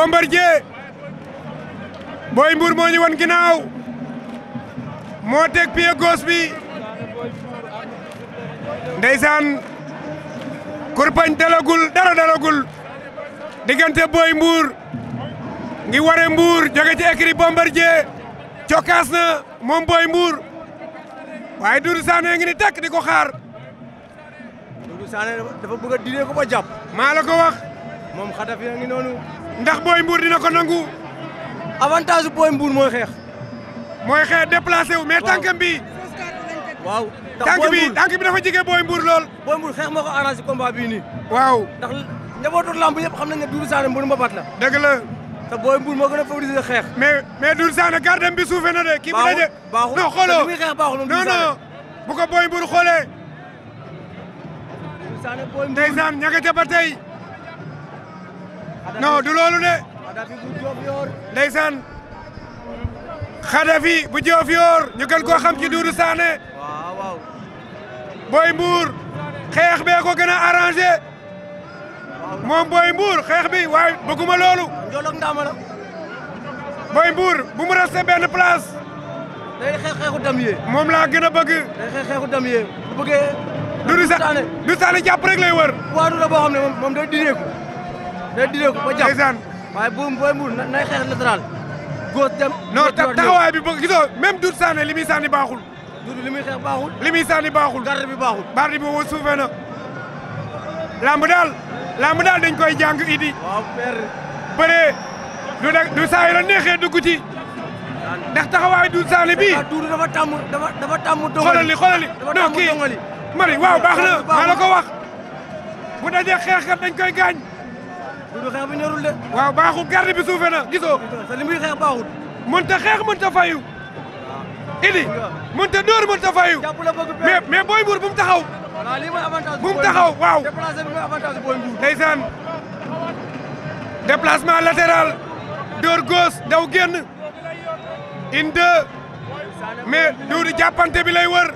Bombardier Boy Mbour moo ñu wan ginnaaw moo teg pied gauche bi ndeysaan kurpañ dalagul dara dalagul diggante Boy Mbour ngi ware Mbour jóge ci écrit Bombardier cokkaas na moom Boy Mbour waaye Doudou Sané ngi ni tekk di ko xaar Doudou Sané dafa bëgg a dine ko ba jàpp ko wax moom xataf yaa ngi noonu ndax Boy Mbour dina ko nangu. avantage su Boy mooy xeex. mooy xeex déplacé wu mais tànk bi. waaw ndax bi tànk bi dafa jege Boy Mbour lool. Boy Mbour xeex moo ko arrangé combat bii nii. waaw ndax njabootu lamb yëpp xam nañ ne Doudou Sané mbëru mbapat la. dëgg la. te Boy Mbour xeex. mais mais Doudou Sané gardem bi suufee na de. kii bi daje baaxul non xooloo non non bu ko Boy Mbour xoolee. Doudou Sané Boy ña nga ba tey non du loolu de. ndeysaan xadafi bu Diofior ñu gën koo xam ci Doudou Sané Boy Mbour xeex bee ko gën a arrangé moom Boy Mbour xeex bi waaye bëgguma loolu. Boy Mbour bu mu resté benn place. day xeex xeexu dam yee. moom laa gën a bëgg. day xeex xeexu dam yee bu bëggee. Doudou Sané Doudou Sané lay wër. waaw du la boo ne moom day dineeku. day didee ko ba jàpp ndeysaan waaye bu booy mbuur nay xeex latéral góos taxawaay bi bëgg gisoo même Doudou Sané li muy sànni baaxul Doudou li muy xeex baaxul li muy sànni baaxul garde bi baaxul bardi bi boobu suufee na lamb daal lamb daal dañ koy jàng idi waaw père bëree du nag du neexee dugg ci ndax taxawaay Doudou Sané bii Doudou dafa tàmm dafa tàmm dongali xoolali xoolali non kii mari waaw baax na maa la ko wax bu dajee xeexkat dañ koy gaañ du xeex bu waaw baaxul garde bi suufee na gisoo. te xeex baaxul. mënta xeex mënta fayu. idi mënta dóor mënta fayu. mais mais booy mbuur bu mu taxaw. waaw lii mooy avantage bu mu waaw. déplacé bi mooy avantage dóor gauche daw génn. une deux. mais duudi jàppante bi lay wër.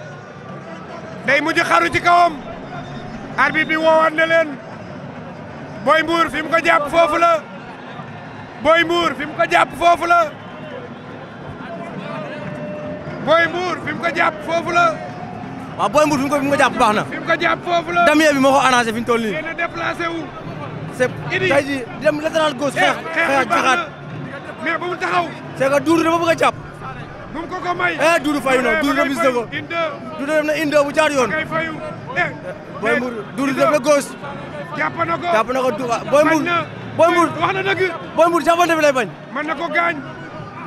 day mujj xaru ci kawam. arbitre bi woowaat Boy Mbour fi mu ko jàpp foofu la Boy Mbour fi ko jàpp foofu la Boy Mbour fi mu ko jàpp foofu la. waaw Boy Mbour fi mu ko fi mu jàpp baax na. fi mu ko jàpp foofu la. damier bi moo ko arrangé fi mu toll nii. yéen a déplacé wu. c'est tey jii dem eh, jaxaat mais bu mu taxaw. c'est que Doudou dafa bëgg a jàpp. bu eh, fayu na eh, Doudou remise na jaar yoon. Boy Mbour Doudou def na jàpp na ko jàpp na ko Touba Boy na dëgg. Boy Mbour bi lay bañ. mën na ko gaañ.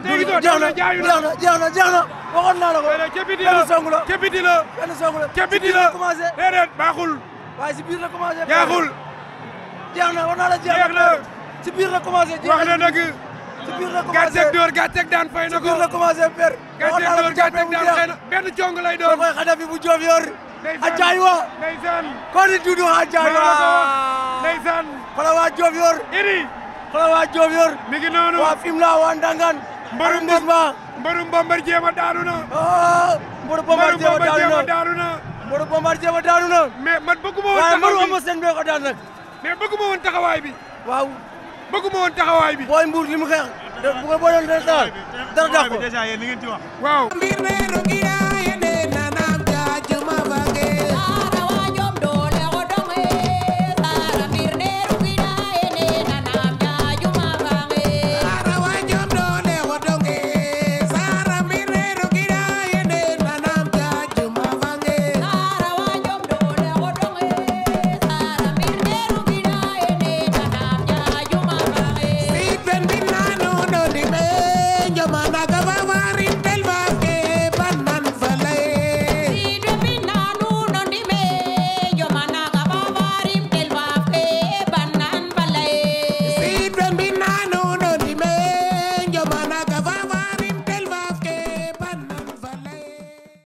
léegi doon jeex na jeex na jeex na jeex na waxoon naa la ko. benn song la ca biti la benn song la ca biti la commencé. déedéet baaxul. waaye si biir la commencé. jeexul. jeex na wax naa la jeex na si biir la commencé. wax na dëgg. si biir la commencé gàtteeg door gàtteeg daan fay na ko. si biir la commencé per. naa la bu jàppee joof yor. Ajaayiwa koni duudu ha Ajaayiwa ndeysaan fala waa Diofior iri fala waa Diofior mi ngi noonu waa Fimela waa Ndangan mbaru ndesma mbaru Bombardier ma daanu na oh, mbaru Bombardier ma daanu na mbaru Bombardier ma daanu na mais man bëgguma woon taxawaay bi mbaru Eumeu Sène bee ko daan nag mais bëgguma woon taxawaay bi waaw bëgguma woon taxawaay bi booy mbuur li mu xeex bu ko booyoon dara dara dara dara dara dara dara dara dara dara dara dara dara